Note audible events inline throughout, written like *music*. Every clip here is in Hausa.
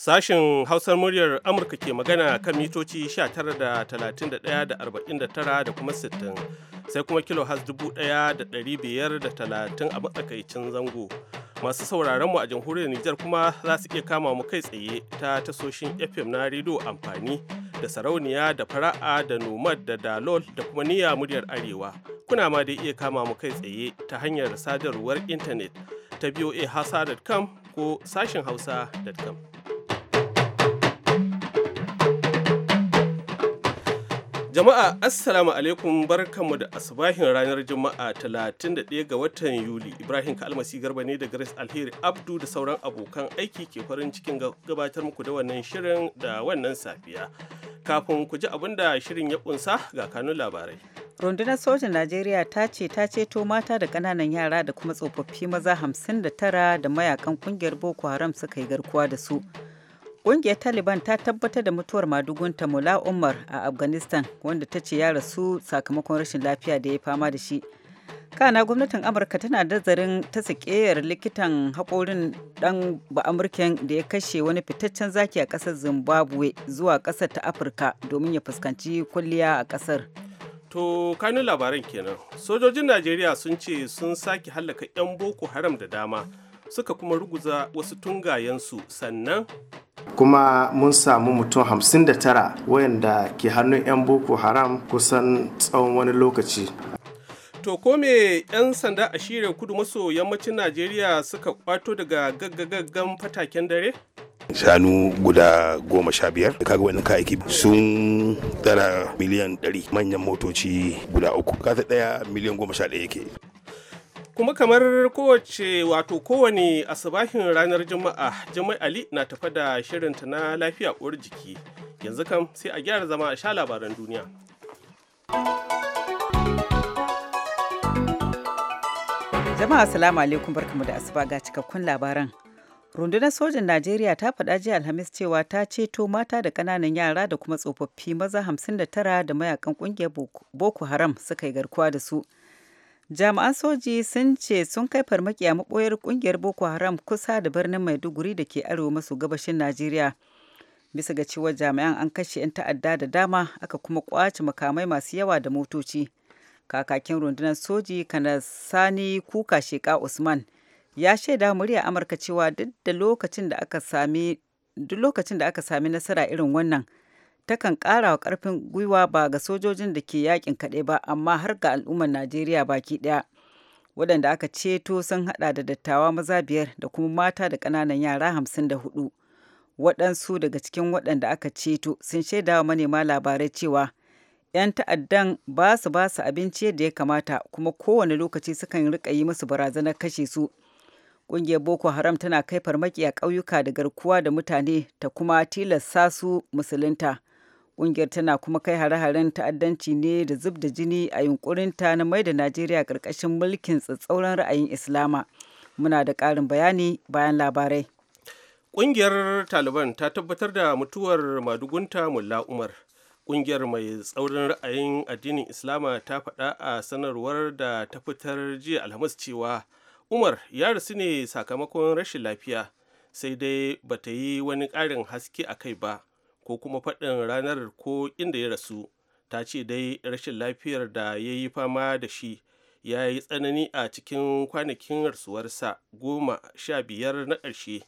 Sashen Hausar muryar Amurka ke magana kan mitoci 19 da da da kuma 60 sai kuma kilo has 1,530 a matsakaicin zango. Masu sauraron mu a jamhuriyar Nijar kuma za su iya kama mu kai tsaye ta tasoshin FM na rediyo amfani da sarauniya da fara'a da nomad da dalol da kuma niyya muryar arewa. Kuna ma dai iya kama mu kai tsaye ta hanyar sadarwar intanet ta voahausa.com ko sashen hausa.com. Jama'a Assalamu alaikum barkanmu da asubahin ranar Juma'a 31 ga watan Yuli. Ibrahim Kalmasi Garba ne da Grace Alheri Abdu da sauran abokan aiki ke farin cikin gabatar muku da wannan shirin da wannan safiya. Kafin ku ji abin da shirin ya kunsa ga kanun labarai. Rundunar sojin Najeriya ta ce ta ceto mata da ƙananan yara da kuma tsofaffi maza 59 da mayakan kungiyar Boko Haram suka yi garkuwa da su. Ƙungiyar Taliban ta tabbatar da mutuwar madugunta Mula Umar a Afghanistan wanda ta ce ya rasu sakamakon rashin lafiya da ya fama da shi. Kana gwamnatin Amurka tana dazarin ta sakeyar likitan haƙorin ɗan ba'amurken da ya kashe wani fitaccen zaki a ƙasar Zimbabwe zuwa ƙasar ta Afirka domin ya fuskanci kulliya a ƙasar. To kanun labaran kenan. Sojojin Najeriya sun ce sun sake hallaka 'yan Boko Haram da dama. suka kuma ruguza wasu tungayensu sannan kuma mun samu mutum hamsin da tara wayanda ke hannun 'yan boko haram kusan tsawon wani lokaci to kome 'yan sanda a shirin kudu maso yammacin najeriya suka kwato daga gaggagaggan fataken dare shanu guda goma sha biyar da kaga wani kayaki sun tara miliyan ɗari manyan motoci guda uku kasa ɗaya miliyan goma sha ɗaya yake kuma kamar kowace wato kowane asabahin ranar juma'a jimai ali na tafa da shirinta na lafiya uwar jiki yanzu kam sai a gyara zama a sha labaran duniya jama'a salamu alaikum barkamu da asuba ga cikakkun labaran rundunar sojin najeriya ta faɗa jiya alhamis cewa ta ceto mata da ƙananan yara da kuma tsofaffi maza 59 da mayakan ƙungiyar boko haram suka yi garkuwa da su jami'an soji sun ce sun kai farmaki a maboyar kungiyar boko haram kusa da birnin maiduguri da ke arewa maso gabashin najeriya bisa ga cewa jami'an an kashe 'yan ta'adda da dama aka kuma kwace makamai masu yawa da motoci kakakin rundunar soji kana sani kuka sheka usman ya shaida murya amurka cewa duk da duk lokacin da aka sami nasara irin wannan takan ƙara wa ƙarfin gwiwa ba ga sojojin da ke yakin kaɗai ba amma har ga al'ummar najeriya baki ɗaya waɗanda aka ceto sun haɗa da dattawa maza biyar da kuma mata da ƙananan yara hamsin da hudu waɗansu daga cikin waɗanda aka ceto sun shaida manema labarai cewa 'yan ta'addan ba su ba su abinci yadda ya kamata kuma kowane lokaci sukan rika yi musu barazanar kashe su ƙungiyar boko haram tana kai farmaki a ƙauyuka da garkuwa da mutane ta kuma tilasta su musulunta Ƙungiyar tana kuma kai hare-haren ta'addanci ne da zub da jini a yunkurinta na mai da Najeriya ƙarƙashin mulkin tsatsauran ra'ayin Islama. Muna da ƙarin bayani bayan labarai. Ƙungiyar Taliban ta tabbatar da mutuwar madugunta Mulla Umar. Ƙungiyar mai tsaurin ra'ayin addinin Islama ta faɗa a sanarwar da ta fitar jiya Alhamis cewa Umar ya rasu ne sakamakon rashin lafiya sai dai bata yi wani ƙarin haske a kai ba. ko kuma faɗin ranar ko inda ya rasu ta ce dai rashin lafiyar da ya yi fama da shi ya yi tsanani a cikin kwanakin rasuwarsa goma sha biyar na ƙarshe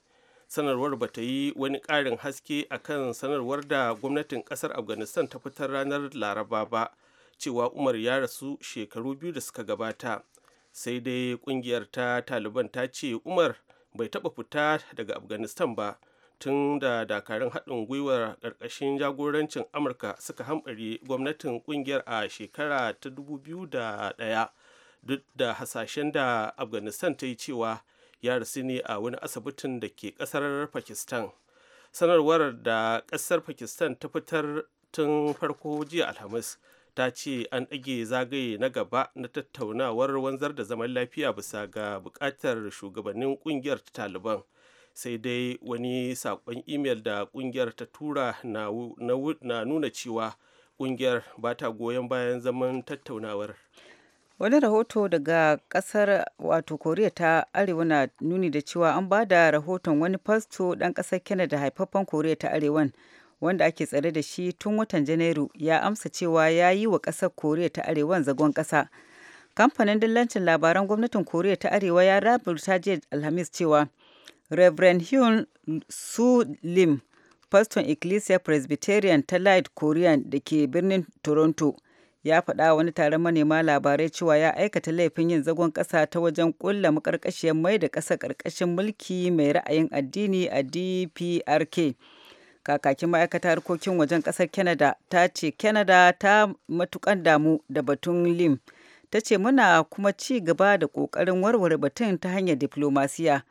sanarwar ba ta yi wani ƙarin haske a kan sanarwar da gwamnatin ƙasar afghanistan ta fitar ranar laraba ba cewa umar ya rasu shekaru biyu da suka gabata sai dai ƙungiyar ta taliban ta ce umar bai taɓa fita daga afghanistan ba tun da dakarun haɗin gwiwar ƙarƙashin jagorancin amurka suka hambari gwamnatin ƙungiyar a shekara ta 2001 duk da hasashen da afghanistan ta yi cewa ya rasu ne a wani asibitin da ke ƙasar pakistan sanarwar da ƙasar pakistan ta fitar tun farko jiya alhamis ta ce an ɗage zagaye na gaba na tattaunawar wanzar da zaman lafiya bisa ga buƙatar shugabannin ƙungiyar taliban sai dai wani sakon imel da ƙungiyar ta tura na nuna cewa ƙungiyar ba ta goyon bayan zaman tattaunawar wani rahoto daga kasar wato koriya ta arewa na nuni da cewa an ba da rahoton wani fasto ɗan ƙasar canada haifaffen koriya ta arewan wanda ake tsare da shi tun watan janairu ya amsa cewa ya yi wa kasar koriya ta arewan zagon kasa kamfanin dillancin labaran gwamnatin koriya ta arewa ya rabu jiya alhamis cewa Reverend Hyun Su Lim, faston Ecclesia Presbyterian ta Light Korean da ke birnin Toronto, ya faɗa wani taron manema labarai cewa ya aikata laifin yin zagon ƙasa ta wajen ƙulla makarƙashiyar mai da ƙasa ƙarƙashin mulki mai ra'ayin addini a DPRK. Kakakin ma'aikata harkokin wajen ƙasar Canada ta ce Canada ta matuƙar damu da batun Lim. Ta ce muna kuma ci gaba da ƙoƙarin warware batun ta hanyar diflomasiya.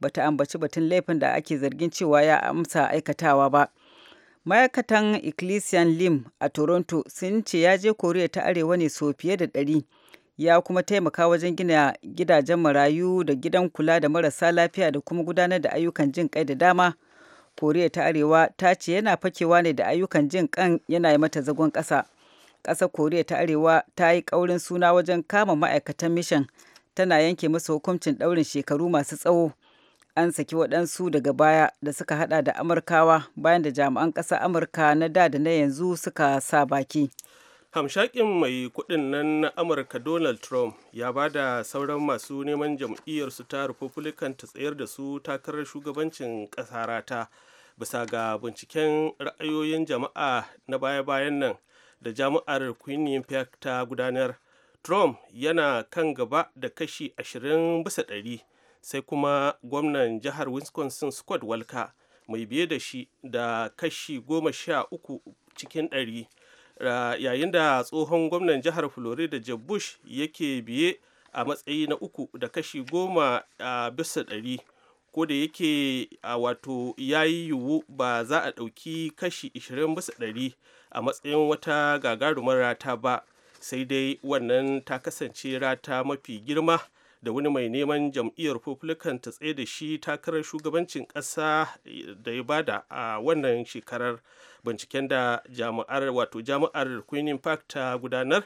bata ambaci batun laifin da ake zargin cewa ya amsa aikatawa ba ma'aikatan Ecclesian Lim a Toronto sun ce ya je Koriya ta Arewa ne so fiye da ɗari ya kuma taimaka wajen gina gidajen marayu da gidan kula da marasa lafiya da kuma gudanar da ayyukan jin kai da dama. Koriya ta Arewa ta ce yana fakewa ne da ayyukan jin kan yana yi mata zagon ƙasa. Ƙasar Koriya ta Arewa ta yi ƙaurin suna wajen kama ma'aikatan mishan tana yanke masa hukuncin ɗaurin shekaru masu tsawo. an saki waɗansu daga baya da suka hada da amurkawa bayan da jami'an ƙasa amurka na da da na yanzu suka sa baki hamshakin mai kudin nan na amurka donald trump ya ba da sauran masu neman jam'iyyarsu ta republican ta tsayar da su takarar shugabancin ƙasa rata bisa ga binciken ra'ayoyin jama'a na baya-bayan nan da jami'ar queen impact ta gudanar trump yana kan gaba da kashi 20 bisa ɗari. sai kuma gwamnan jihar wisconsin scott walker mai biye da shi da kashi goma sha uku cikin ɗari yayin da tsohon gwamnan jihar florida jeb bush yake biye a matsayi na uku da kashi goma a bisa ɗari ko da yake a wato ya yi yiwu ba za a ɗauki kashi 20 bisa ɗari a matsayin wata gagarumar rata ba sai dai wannan ta kasance rata mafi girma da wani mai neman jam'iyyar republican ta tsaye da shi takarar shugabancin ƙasa da ya bada a wannan shekarar binciken da jami'ar wato jami'ar queen park ta gudanar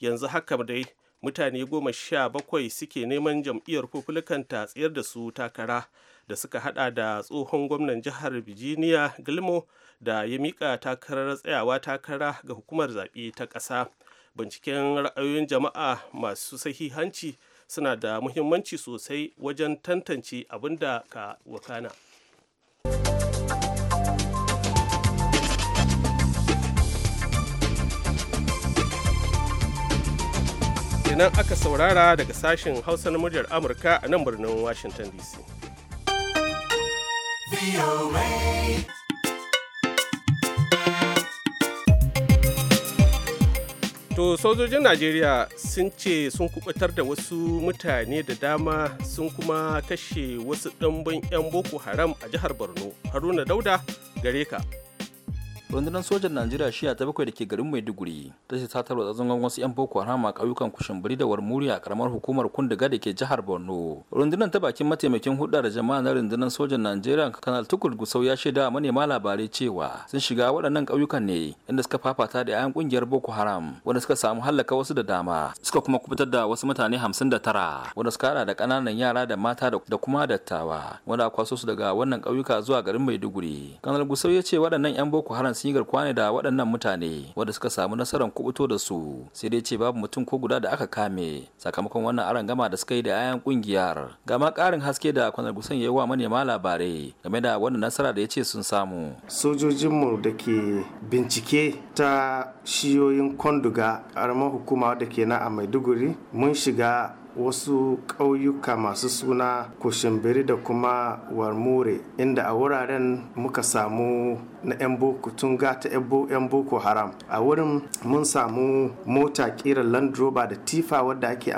yanzu haka dai mutane goma sha bakwai suke neman jam'iyyar republican ta tsayar da su takara da suka hada da tsohon gwamnan jihar virginia gilmo da ya mika takarar tsayawa takara ga hukumar zaɓe ta ƙasa binciken ra'ayoyin jama'a masu sahihanci hanci suna da muhimmanci sosai wajen tantance abin da ka wakana kenan aka saurara daga sashen hausa na muryar amurka a nan birnin washington dc to sojojin najeriya sun ce sun kubutar da wasu mutane da dama sun kuma kashe wasu ɗanban 'yan boko haram a jihar borno haruna dauda gare ka rundunar sojan najeriya shiya ta bakwai da ke garin maiduguri ta ce satar da zangon wasu yan boko haram a ƙauyukan kushimbiri da warmuri a karamar hukumar kundiga da ke jihar borno rundunar ta bakin mataimakin hudar da jama'a na rundunar sojan najeriya kanal tukur gusau ya shaida manema labarai cewa sun shiga waɗannan ƙauyukan ne inda suka fafata da 'yan ƙungiyar boko haram wanda suka samu hallaka wasu da dama suka kuma kubutar da wasu mutane hamsin da tara wanda suka hada da ƙananan yara da mata da kuma dattawa wanda kwaso su daga wannan ƙauyuka zuwa garin maiduguri kanal gusau ya ce waɗannan 'yan boko haram sun yi garkuwa da waɗannan mutane wanda suka samu nasarar kubuto da su sai dai ce babu mutum ko guda da aka kame sakamakon wannan gama da suka yi da ayan kungiyar ga ma ƙarin haske da kwanar gusan ya yi wa manema labarai game da wannan nasara da ya ce sun samu sojojinmu da ke bincike ta shiyoyin konduga karamar hukuma da ke na a maiduguri mun shiga wasu ƙauyuka masu suna kushimbiri da kuma warmure inda a wuraren muka samu na 'yan boko ga ta 'yan boko haram a wurin mun samu mota kiran land rover da tifa wadda ake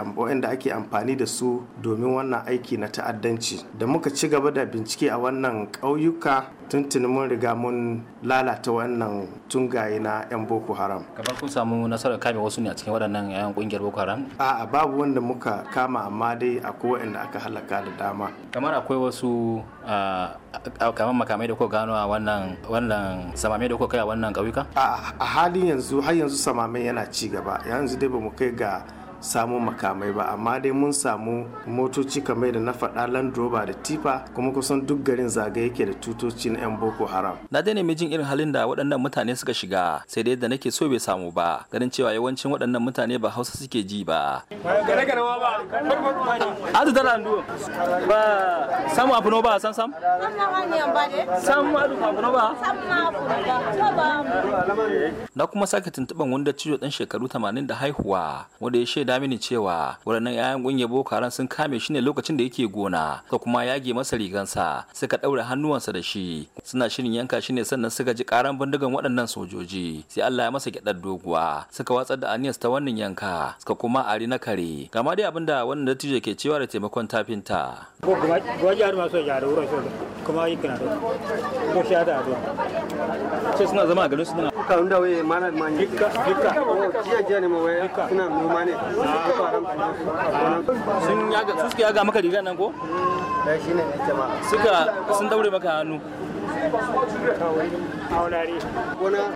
ake amfani da su domin wannan aiki na ta'addanci da muka ci gaba da bincike a wannan ƙauyuka tuntuni mun riga mun lalata wannan tungaye na 'yan boko haram kamar kun samu nasarar kame wasu ne a cikin waɗannan 'yan ƙungiyar boko haram a'a babu wanda muka kama amma dai akwai waɗanda aka halaka da dama kamar akwai wasu kamar makamai da kuka gano a wannan wannan samamai da kuka kai a wannan ƙauyuka a halin yanzu har yanzu samamai yana ci gaba yanzu dai ba mu kai ga samu makamai ba amma dai mun samu motoci kamar da na faɗa land rover da tifa kuma kusan duk garin zaga yake da tutoci na 'yan boko haram na dai nemi jin irin halin da waɗannan mutane suka shiga sai dai da nake so bai samu ba ganin cewa yawancin waɗannan mutane ba hausa suke ji ba azu da landu ba samu abu no ba san sam abu no ba na kuma sake tuntuɓan wanda ciwo ɗan shekaru 80 da haihuwa wanda ya shaida mini cewa waɗannan 'ya'yan ƙungiyar boko haram sun kame shi ne lokacin da yake gona ko kuma yage masa rigansa suka ɗaure hannuwansa da shi suna shirin yanka shi ne sannan suka ji ƙaran bindigan waɗannan sojoji sai Allah ya masa gyaɗar doguwa suka watsar da aniyas ta wannan yanka suka kuma ari na kare gama dai abinda wannan dattijo ke cewa da taimakon tafinta. kuma yi kana da ko sha da addu'a ce suna zama a garin suna ka inda wai mana mani dukka dukka jiya jiya ne ma waye suna noma ne sun yaga yaga maka rigar nan ko eh, sun daure maka hannu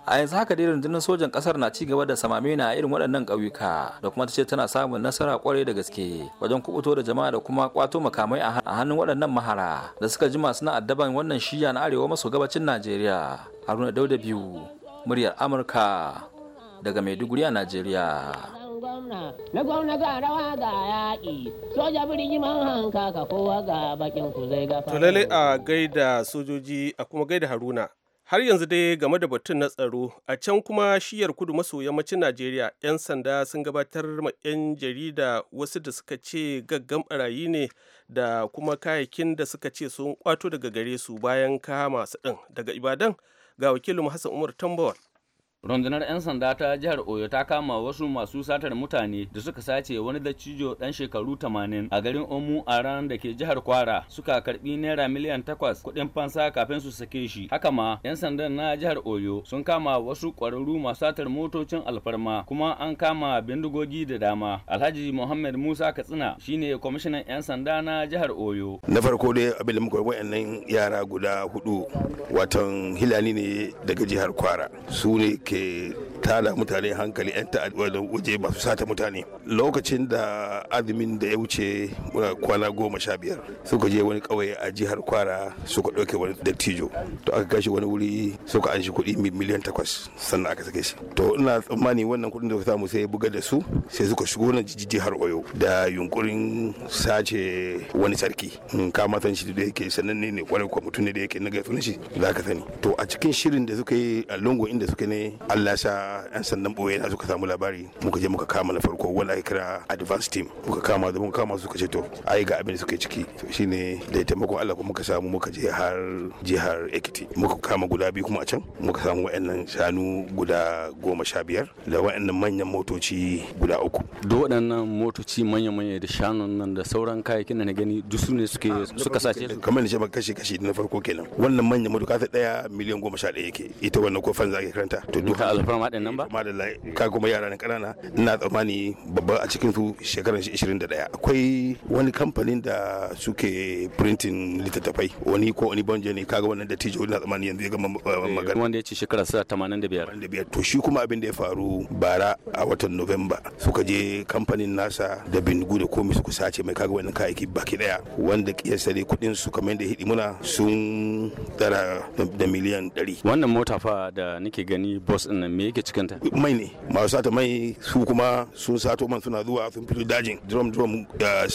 a yanzu haka dai rundunar sojan kasar na ci gaba da samame na irin waɗannan ƙauyuka da kuma ta ce tana samun nasara kwarai da gaske wajen kubuto da jama'a da kuma kwato makamai a hannun waɗannan mahara da suka jima suna addaban wannan shiya na arewa maso gabacin najeriya haruna dauda biyu muryar amurka daga maiduguri a najeriya gwamna na gwamna ga rawa ga yaƙi soja man hanka ka kowa ga bakin ku zai gafa to lalle a gaida sojoji a kuma gaida haruna har yanzu dai game da batun na tsaro a can kuma shiyar kudu maso yammacin najeriya 'yan sanda sun gabatar ma 'yan jarida wasu da suka ce gaggan barayi ne da kuma kayakin da suka ce sun kwato daga gare su bayan kama su ɗin daga ibadan ga wakilin hassan umar tambawar rundunar 'yan sanda ta jihar oyo ta kama wasu masu satar mutane da suka sace wani dattijo dan shekaru 80 a garin omu a ranar da ke jihar kwara suka karbi naira miliyan 8 kuɗin fansa kafin su sake shi haka ma 'yan sandan na jihar oyo sun kama wasu ƙwararru masu satar motocin alfarma kuma an kama bindigogi da dama alhaji muhammad musa katsina shine kwamishinan 'yan sanda na jihar oyo na farko dai abin da muka wayannan yara guda hudu watan hilali ne daga jihar kwara su ne Okay. tala mutane hankali 'yan ta'adda waje masu sata mutane lokacin da azumin da ya wuce kwana goma sha biyar suka je wani kauye a jihar kwara suka ɗauke wani dattijo to aka kashe wani wuri suka an shi kuɗi miliyan takwas sannan aka sake shi to ina tsammani wannan kuɗin da suka samu sai buga da su sai suka shigo na jihar oyo da yunkurin sace wani sarki ka matan shi da yake sannan ne kwarai kwa mutum ne da yake na gaisunan shi za ka sani to a cikin shirin da suka yi a lungu inda suka ne allah sa da yan sandan boye na suka samu labari muka je muka kama na farko wanda ake kira advance team muka kama da muka kama suka ce to ai ga abin da suka ciki to shine da taimakon Allah kuma muka samu muka je har jihar Ekiti muka kama guda biyu kuma a can muka samu wayannan shanu guda goma sha biyar da wayannan manyan motoci guda uku do wadannan motoci manya-manya da shanun nan da sauran kayayyakin da na gani duk su ne suke ah, suka sace su kamar ce kashi kashi na farko kenan wannan manyan motoci daya miliyan goma sha daya yake ita wannan kofan za ka karanta to duk alfarma yaran nan ba eh, madalla ka kuma yara na kanana ina tsammani babba a cikin su shekaran shi 21 akwai wani kamfanin da suke printing littattafai wani ko wani banje ne kaga wannan da tijo ina tsammani yanzu ya gama eh, eh, magana wanda ya ce shekara 85 to shi kuma abin da ya faru bara a watan November suka je kamfanin nasa da bindigu da komai suka sace mai kaga wannan kayayyaki baki daya wanda kiyasa dai kudin su kamar da muna sun tara da miliyan 100 wannan mota fa da nake gani boss din nan me yake cikinta mai ne masu sata mai su kuma sun sato man suna zuwa sun fito dajin drum drum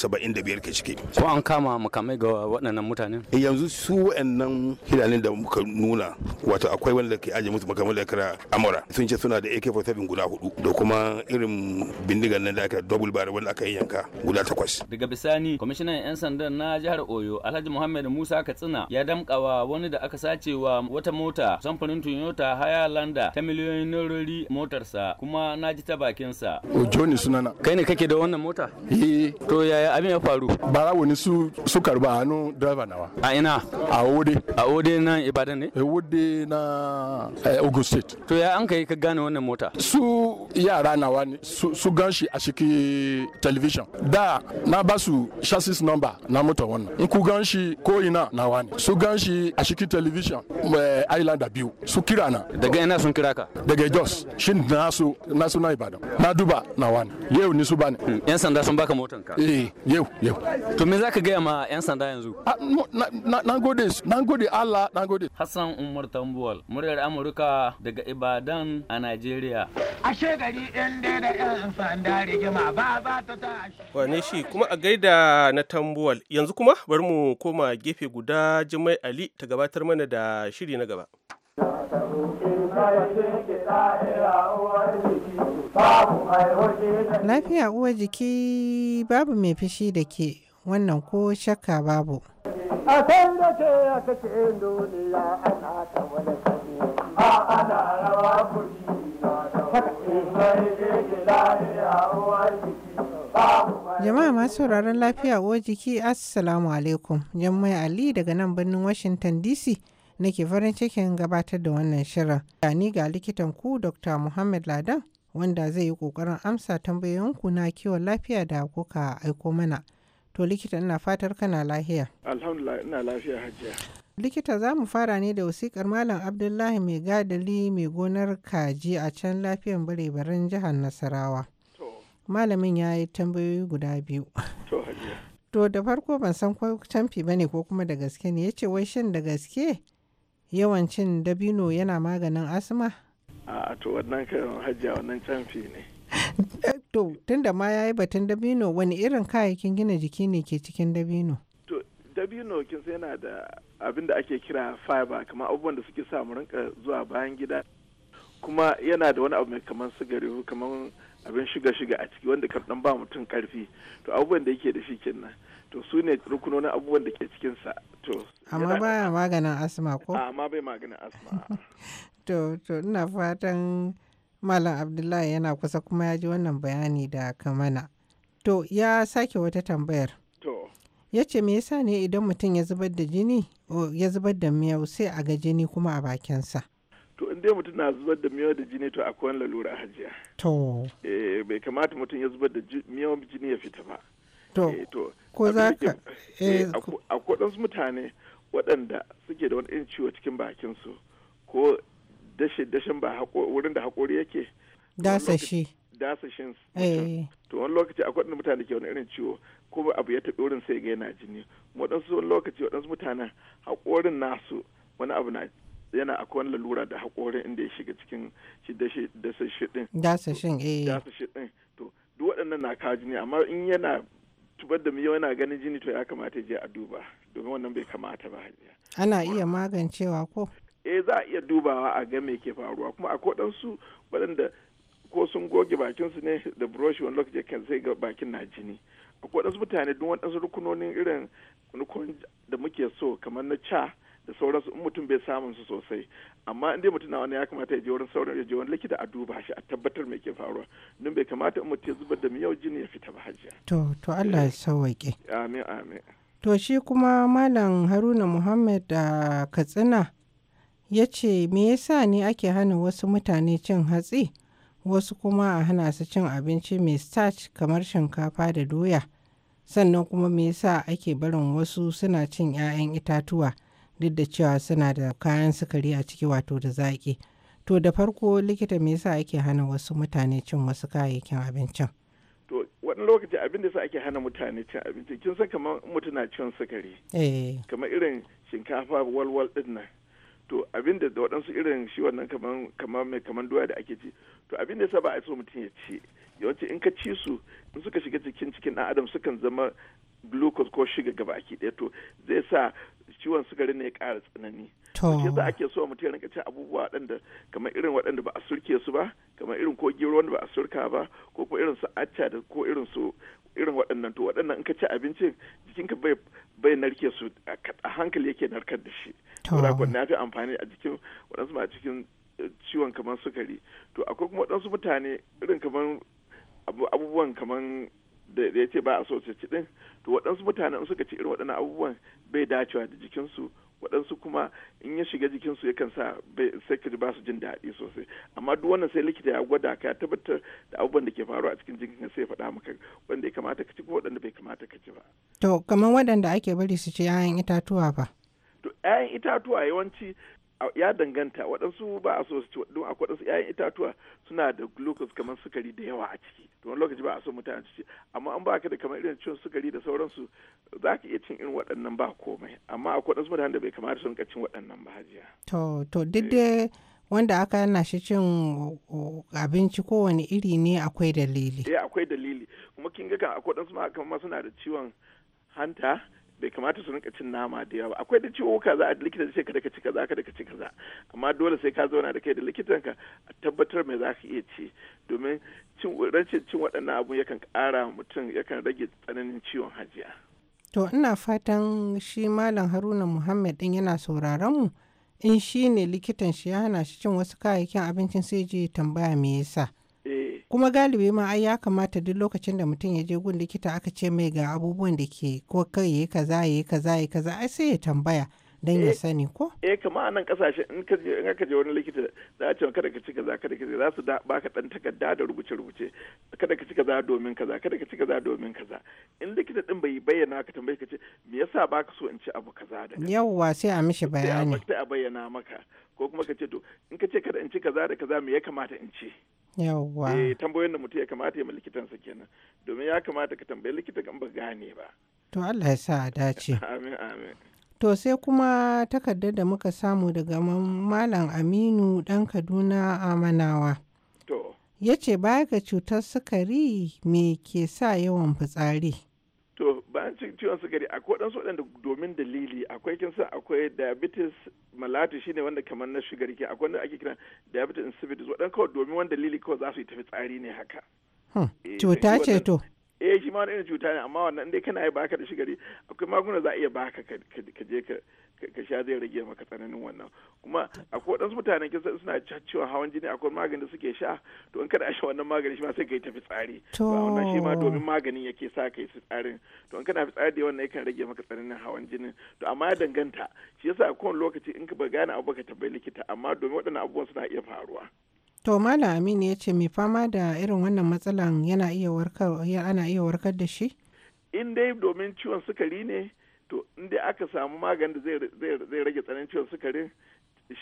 saba'in da biyar ke ciki ko an kama makamai ga waɗannan mutanen eh, yanzu su waɗannan hidanin da muka nuna wato akwai wanda ke aje musu makamai da kira amora sun ce suna da ak-47 guda hudu da kuma irin bindigan nan da aka double bar wanda aka yanka guda takwas daga bisani kwamishinan 'yan sandan na jihar oyo alhaji muhammad musa katsina ya damkawa wani da aka sacewa wata mota samfurin toyota landa ta miliyoyin wuri motarsa kuma na ji ta bakinsa. Ojo ne sunana. Kai ne kake da wannan mota? Eh. To yaya abin ya faru? Barawo wani su su karba hannu driver nawa. A ina? A Ode. A Ode na Ibadan ne? Ode na eh, Ogun State. To ya an kai ka gane wannan mota? Su yara nawa ne su gan shi a cikin television. Da na ba su chassis number na mota wannan. In ku gan shi ko ina nawa ne. Su gan shi a cikin television eh, Island biyu. Su kira na. Daga ina sun kira ka? Daga Jos. shin nasu nasu na ibadan na duba na wani yau ni su bani hmm. yan sanda sun baka motan ka eh yau yau to me zaka gaya ma yan sanda yanzu ah, na gode na gode Allah na gode Hassan Umar Tambuwal muryar Amurka daga Ibadan a Najeriya ashe gari in da da yan sanda rigima ba ba ta ta wane shi kuma a gaida na Tambuwal yanzu kuma bari mu koma gefe guda Jimai Ali ta gabatar mana da shiri na gaba Lafiya uwar jiki babu mai fushi da ke wannan ko shakka babu. Jama'a masu sauraron lafiya uwar jiki Assalamu alaikum. Jammai Ali daga nan birnin Washington DC nake farin cikin gabatar da wannan shirin. Ni ga likitan ku Dr. Muhammad Ladan wanda zai yi kokarin amsa tambayoyinku na kiwon lafiya da kuka aiko mana. To likita ina fatar kana lafiya. Alhamdulillah ina lafiya hajiya. Likita za mu fara ne da wasikar Malam Abdullahi mai gadali mai gonar kaji a can lafiyan barebarin jihar Nasarawa. Malamin ya yi tambayoyi guda biyu. To da farko ban san ko canfi ne ko kuma da gaske ne ya ce wai shin da gaske yawan cin dabino yana maganin asma? a to wannan kan hajja wannan canfi ne *laughs* to tun da ma ya yi batun dabino wani irin kayayyakin gina jiki ne ke cikin dabino to dabino kin sai yana da abin da ake kira fiber kamar abubuwan da suke sa mu rinka zuwa bayan gida kuma yana da wani abu mai kamar sigari kamar abin shiga shiga a ciki wanda kan dan ba mutum karfi to abubuwan da yake da shi kenan to su ne rukunonin abubuwan da ke cikinsa to amma baya maganin asma ko ah, amma bai maganin asma *laughs* to to ina fatan malam abdullahi yana kusa kuma ya ji wannan bayani da kamana to ya sake wata tambayar to ya ce me yasa ne idan mutum ya zubar da jini ya zubar da miyau sai a ga jini kuma a bakinsa to in dai mutum na zubar da miyau da jini to akwai wani lalura hajiya to eh bai kamata mutum ya zubar da miyau jini ya fita ba Eh, to ko za ka eh, akwai waɗansu mutane waɗanda suke da wani irin ciwo cikin bakinsu ko dashe dashen ba wurin da haƙori yake dasashi dasashin eh. to wani lokaci akwai waɗanda mutane ke wani irin ciwo ko abu ya taɓi wurin sai ga yana jini waɗansu wani lokaci waɗansu mutane haƙorin nasu wani abu na yana akwai wani lalura da haƙorin inda ya shiga cikin shi dasashin ɗin dasashin ɗin to duk waɗannan na kawo jini amma in yana zubar da miyau yana ganin jini to ya kamata je a duba domin wannan bai kamata ba hajiya ana iya magancewa ko eh za a iya dubawa a ga me ke faruwa kuma a kodansu waɗanda ko sun goge bakin su ne da brush wani lokaci kan sai ga bakin na jini akwai waɗansu mutane duk waɗansu rukunonin irin rukun da muke so kamar na ca da sauransu in mutum bai samun su sosai amma in dai mutum na wani ya kamata ya je wurin sauran ya je wani likita a duba shi a tabbatar me ke faruwa nun bai kamata in mutum ya zubar da miyau jini ya fita ba hajiya to to Allah ya eh. sauwaƙe amin amin to shi kuma malam Haruna Muhammad da Katsina ya ce me yasa ne ake hana wasu mutane cin hatsi wasu kuma a hana su cin abinci mai starch kamar shinkafa da doya sannan kuma me yasa ake barin wasu suna cin 'ya'yan itatuwa duk da cewa suna da kayan sukari a ciki wato da zaƙi to da farko likita me yasa ake hana wasu mutane cin wasu kayayyakin abincin to wani lokaci abin da sa ake hana mutane cin abinci kin san kamar mutum na cin sukari eh. kamar irin shinkafa walwal din nan to abin da waɗansu irin shi wannan kamar kamar mai kamar doya da ake ci to abin da sa ba a so mutum ya ci yawanci in ka ci su in suka shiga cikin cikin ɗan adam sukan zama glucose ko shiga gaba ɗaya to zai sa ciwon sukari ne ya ƙara tsanani to yadda ake so mutum ya rinka cin abubuwa waɗanda kamar irin waɗanda ba a surke su ba kamar irin ko gero wanda ba a surka ba ko ko irin su acca da ko irin su irin waɗannan to waɗannan in ka ci abincin jikinka bai bai narke su a hankali yake narkar da shi to na fi amfani a jikin waɗansu ma a cikin eh, ciwon kamar sukari to akwai kuma waɗansu mutane irin kamar abubuwan kamar da ya ce ba a so su ci din to waɗansu mutanen suka ci irin waɗannan abubuwan bai dacewa da jikinsu waɗansu kuma in ya shiga jikinsu yakan sa sai ka ji ba su jin daɗi sosai amma duk wannan sai likita ya gwada ka tabbatar da abubuwan da ke faruwa a cikin jikin sai ya faɗa maka wanda ya kamata ka ci ko waɗanda bai kamata ka ci ba. to kamar waɗanda ake bari su ci 'ya'yan itatuwa ba. to 'ya'yan itatuwa yawanci ya danganta waɗansu ba a so su ci don akwai waɗansu 'ya'yan itatuwa suna da glucose kamar sukari da yawa a ciki to wani lokaci ba a so mutane su ci amma an baka da kamar irin ciwon sukari da sauransu za ka iya cin irin waɗannan ba komai amma akwai waɗansu mutane da bai kamata su rinka cin waɗannan ba hajiya. to to duk eh. da wanda aka yana shi cin abinci kowane iri ne akwai dalili. eh akwai dalili kuma kin ga kan akwai waɗansu ma kamar suna da ciwon hanta bai kamata su rinka cin nama da yawa akwai da ciwuka za a likita ce ka daka ci kaza ka daka ci kaza amma dole sai ka zauna da kai da likitanka a tabbatar mai za ka iya ci domin rancin cin waɗannan abu yakan ƙara mutum yakan rage tsananin ciwon hajiya. to ina fatan shi malam haruna muhammad din yana sauraron mu in shi ne likitan shi ya hana shi cin wasu kayayyakin abincin sai je tambaya me yasa. kuma galibi ma ai ya kamata duk lokacin da mutum ya je gun likita aka ce mai ga abubuwan da ke ko kai yi kaza yayi kaza ya kaza ai sai ya tambaya dan ya eh, sani ko eh kama anan kasashe in ka je in ka je wani likita za a ce kada ka ci kaza kada ka ci za su da baka dan takarda da rubuce rubuce kada ka ci kaza domin kaza kada ka ci kaza domin kaza in likita din bai bayyana ka tambaye ka ce me yasa baka so in ci abu kaza da yawa sai a mishi bayani sai a bayyana maka ko kuma ka ce to in ka ce kada in ci kaza da kaza me ya kamata in ci yawwa eh tambayoyin da mutum ya kamata ya ma likitansa kenan domin ya kamata ka tambayi likita kan ba gane ba to Allah ya sa a dace *laughs* amin amin to sai kuma takardar da muka samu daga malam Aminu dan Kaduna Amanawa to ya baya ga cutar sukari me ke sa yawan fitsari an ci ciwon sukari akwai ɗansu waɗanda domin dalili akwai kin san akwai diabetes malati shine wanda kamar na shigar ke akwai wanda ake kira diabetes insipidus waɗanda kawai domin wani dalili kawai za su yi tafi tsari ne haka. Hmm. Eh, Cuta ce to. eh shi ma wani cuta ne amma wannan dai kana yi baka da shi gari akwai magunguna za a iya baka ka je ka ka sha zai rage maka tsananin wannan kuma akwai waɗansu mutanen kisa suna ciwon hawan jini akwai magani da suke sha to in kada a sha wannan magani shi ma sai kai tafi tsari to wannan shi ma domin maganin yake sa kai su tsarin to in kana fitsari da wannan yakan rage maka tsananin hawan jini to amma ya danganta shi yasa kowane lokaci in ka ba gane abu ka tambayi likita amma domin waɗannan abubuwan suna iya faruwa To Malam Aminu ya ce mai fama da irin wannan matsalan yana iya warkar ana iya warkar da shi? In dai domin ciwon sukari ne to in dai aka samu maganin da zai rage tsananin ciwon sukari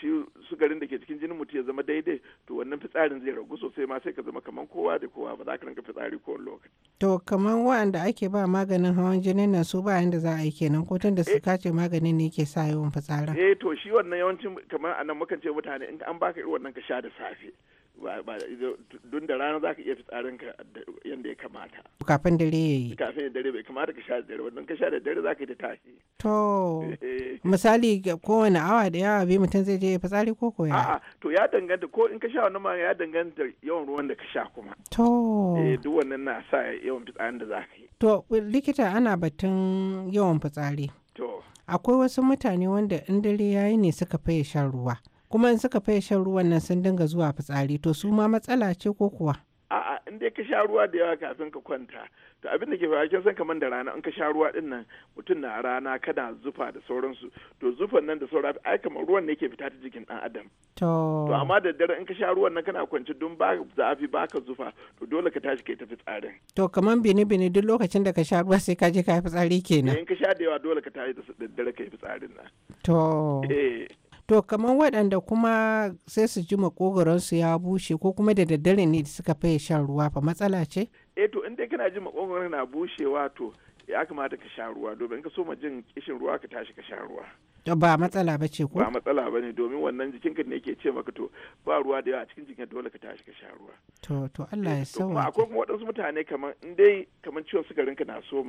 shi sukarin da ke cikin jinin mutum ya zama daidai to wannan fitsarin zai ragu sosai ma sai ka zama kamar kowa da kowa ba za ka rinka fitsari ko lokaci. To kamar wa'anda ake ba maganin hawan jinin nan su ba yanda za a yi kenan ko tun da su eh. kace maganin ne yake sa yawan fitsarin. Eh to shi wannan yawancin kamar anan mukan ce mutane in an baka irin wannan ka sha da safe. don da rana za ka iya fitsarin ka yadda ya kamata kafin dare ya yi kafin dare bai kamata ka sha da dare don ka sha da dare za ka yi ta tashi to eh. misali kowane awa da yawa biyu mutum zai je fitsari ko ko a'a to ya danganta ko in ka sha wani ma ya danganta yawan ruwan da ka sha kuma to eh duk wannan na sa yawan fitsarin da za ka yi to likita ana batun yawan fitsari to akwai wasu mutane wanda in dare ya yi ne suka faye shan ruwa kuma in suka faye shan ruwan nan sun dinga zuwa fitsari to su ma matsala ce ko kuwa a'a in dai ka sha ruwa da yawa kafin ka kwanta to abin da ke faruwa kin san kamar da rana in ka sha ruwa din nan mutum na rana kada zufa da sauransu to zufan nan da saura ai kamar ruwan ne ke fita ta jikin dan adam to amma da dare in ka sha ruwan nan kana kwance dun ba zafi ba ka zufa to dole ka tashi kai ta fitsarin to kamar bini bini duk lokacin da ka sha ruwa sai ka je ka yi fitsari kenan eh, in ka sha da yawa dole ka tashi da daddare ka yi fitsarin nan to eh. to kamar waɗanda kuma sai su ji makogoronsu ya bushe ko kuma da daddare ne da suka faye shan ruwa fa matsala ce? eh to in dai kana ji makogoron na bushewa to ya kamata ka sha ruwa domin ka so ma jin kishin ruwa ka tashi ka sha ruwa ba matsala ba ce ko ba matsala ba ne domin wannan jikinka ne ke ce maka to ba ruwa da yawa a cikin jikin dole ka tashi ka sha ruwa to to Allah eh, ya sauwa akwai kuma waɗansu mutane kamar in dai kamar ciwon sukarin ka na so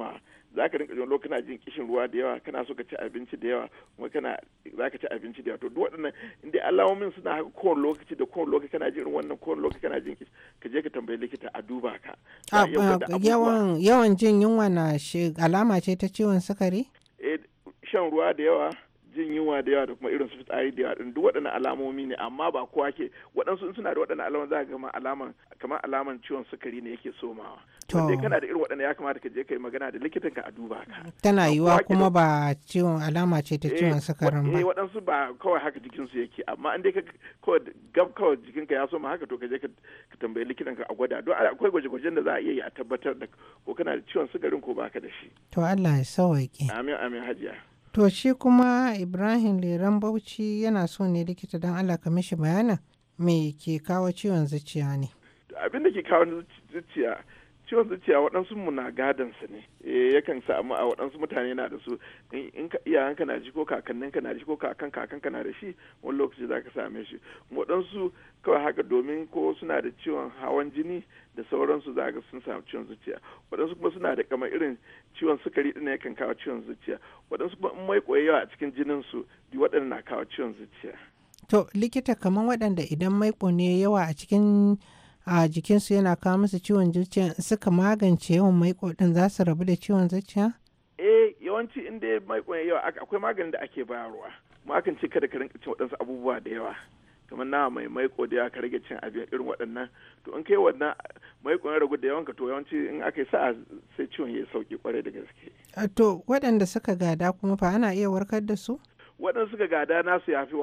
za ka rinka jin lokacin jin kishin ruwa da yawa kana so ka ci abinci da yawa kuma kana za ka ci abinci da yawa to duk waɗannan in dai alamomin suna haka ko lokaci da ko lokaci kana jin wannan ko lokaci kana jin kishi ka je ka tambayi likita a duba ka ah, ah, yawan yawan jin yunwa na alama ce ta ciwon sukari eh, shan ruwa da yawa jin yunwa da yawa da kuma irin su fitsari da yawa din duk waɗannan alamomi ne amma ba kowa ke waɗansu in suna da waɗannan alamomi za ga ma alaman kamar alaman ciwon sukari ne yake somawa to dai kana da irin waɗannan ya kamata ka je kai magana da likitan ka a duba ka tana yiwa kuma ba ciwon alama ce ta ciwon eh, sukarin ba eh waɗansu ba kawai haka jikin su yake amma in dai ka kawai gab kawai jikin ka ya soma haka to ka je ka tambayi likitan ka a gwada don akwai gwaje-gwajen da za a iya yi a tabbatar da ko kana da ciwon sukarin ko baka da shi to Allah ya sauwaƙe amin amin hajiya To shi kuma Ibrahim Leran Bauchi yana so ne likita don Allah ka mishi bayanin me ke kawo ciwon zuciya ne. Abin da ke kawo zuciya ciwon zuciya waɗansu mu na gadon su ne eh, yakan samu a waɗansu mutane na da su in iyayen ka na ji ko kakannin ka na ji ko kakan kakan ka na da shi wani lokaci za ka same shi waɗansu kawai haka domin ko suna da ciwon hawan jini da sauransu za ka sun samu ciwon zuciya waɗansu kuma suna da kamar irin ciwon sukari ɗin yakan kawo ciwon zuciya waɗansu kuma in mai yawa a cikin jinin su waɗanda na kawo ciwon zuciya. to likita kamar waɗanda idan mai ne yawa a cikin a jikinsu yana kawo musu ciwon zuciya suka magance yawan maiko din za su rabu da ciwon zuciya? eh yawanci inda ya maiko yawa akwai maganin da ake bayarwa makan ce kada ka rinka cin waɗansu abubuwa da yawa kamar na mai maiko da yawa ka rage cin abin irin waɗannan to in kai wannan maiko ya ragu da yawanka to yawanci in aka yi sa'a sai ciwon ya sauki kwarai da gaske. to waɗanda suka gada kuma fa ana iya warkar da su? waɗansu ga gada nasu ya fi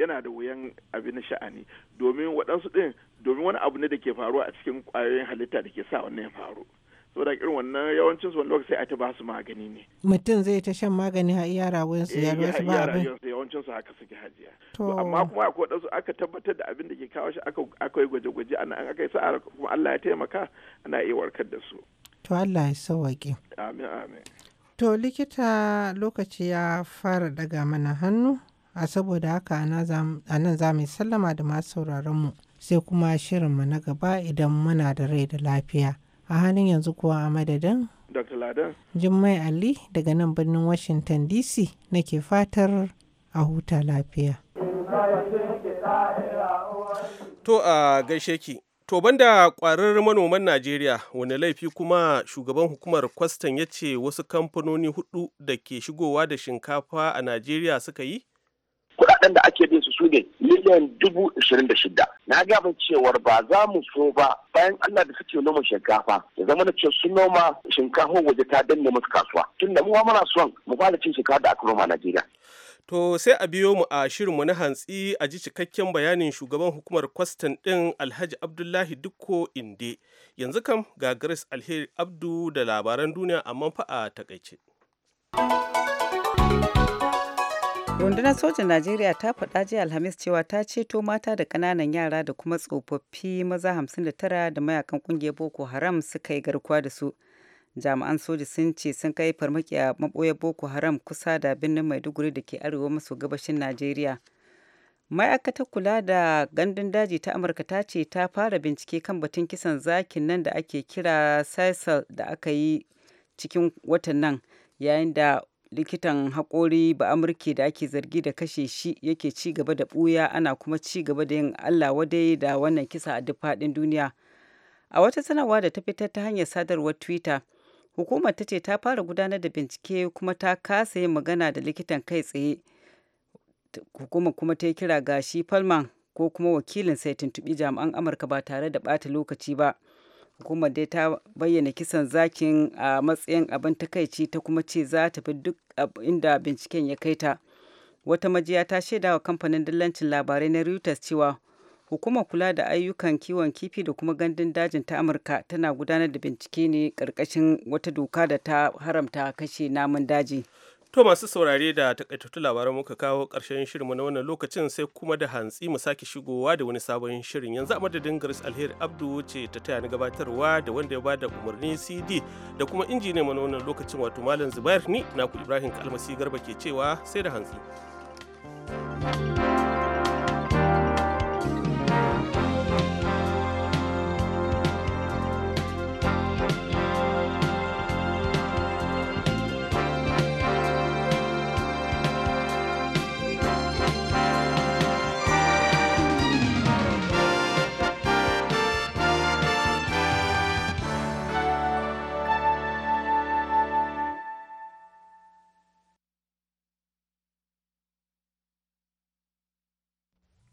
yana da wuyan abin sha'ani domin waɗansu ɗin domin wani abu ne da ke faruwa a cikin kwayoyin halitta da ke sa wannan ya faru saboda irin wannan yawancin su wani lokaci a ta ba su magani ne mutum zai ta shan magani har iya rawayen su ya rasu eh, ba abin yawancin su haka suke hajiya to amma kuma akwai wadansu aka tabbatar da abin da ke kawo shi aka yi gwaje-gwaje ana an aka yi sa'a kuma Allah ya taimaka ana iya warkar da su to Allah ya sauwaƙe amin amin to likita lokaci ya fara daga mana hannu a saboda haka a nan za mu sallama da masu sauraron mu sai kuma shirinmu na gaba idan muna da rai da lafiya. A halin yanzu kuwa a madadin? Dr. Ladan. Jummai Ali daga nan birnin Washington DC nake fatar a huta lafiya. To a gaishe ki. To banda kwarar manoman Najeriya wani laifi kuma shugaban hukumar kwastan ya ce wasu kamfanoni hudu da ke shigowa da shinkafa a Najeriya suka yi? Kudaden da ake bin su ne miliyan dubu ishirin da shida na gaba cewar ba za mu so ba bayan allah da suke noma shinkafa da zama da cewa sun noma shinkafa waje ta danne musu kasuwa tun da mu muna son mu fara cin shinkafa da aka noma najeriya To sai a biyo mu a shirin mu na hantsi a ji cikakken bayanin shugaban hukumar kwastan ɗin Alhaji Abdullahi Dukko Inde. Yanzu kam ga Grace Alheri Abdu da labaran duniya amma fa a takaice. rundunar sojin najeriya ta faɗa jiya alhamis cewa ta ceto mata da ƙananan yara da kuma tsofaffi maza 59 da mayakan ƙungiyar boko haram suka yi garkuwa da su jami'an soji sun ce sun kai farmaki a maɓoyar boko haram kusa da birnin maiduguri da ke arewa maso gabashin najeriya ma'aikatar kula da gandun daji ta amurka ta ce ta fara bincike kan batun kisan zakin nan da ake kira sisal da aka yi cikin watan nan yayin da likitan haƙori ba amurke da ake zargi da kashe shi yake ci gaba da ɓuya ana kuma ci gaba da yin allah wadai da wannan kisa a duk faɗin duniya a wata sanarwa da ta fitar ta hanyar sadarwar twitter hukumar ta ce ta fara gudanar da bincike kuma ta kasa yin magana da likitan kai tsaye hukumar kuma ta yi kira ga shi palman ko kuma wakilin sai tuntuɓi jami'an amurka ba tare da ɓata lokaci ba hukumar dai ta bayyana kisan zakin a matsayin abin takaici ta kuma ce za ta bi duk inda binciken ya kai ta wata majiya ta shaida wa kamfanin dillancin labarai na reuters cewa hukumar kula da ayyukan kiwon kifi da kuma gandun dajin ta amurka tana gudanar da bincike ne karkashin wata doka da ta haramta kashe namun daji To masu saurare da takaitattun labaran muka kawo ƙarshen shirinmu na wannan lokacin sai kuma da hantsi mu sake shigowa da wani sabon shirin yanzu a madadin Grace Alheri Abdu ce ta taya ni gabatarwa da wanda ya bada umarni CD da kuma injiniya mu na wannan lokacin wato Malam Zubair ni naku Ibrahim Kalmasi Garba ke cewa sai da hantsi. thank you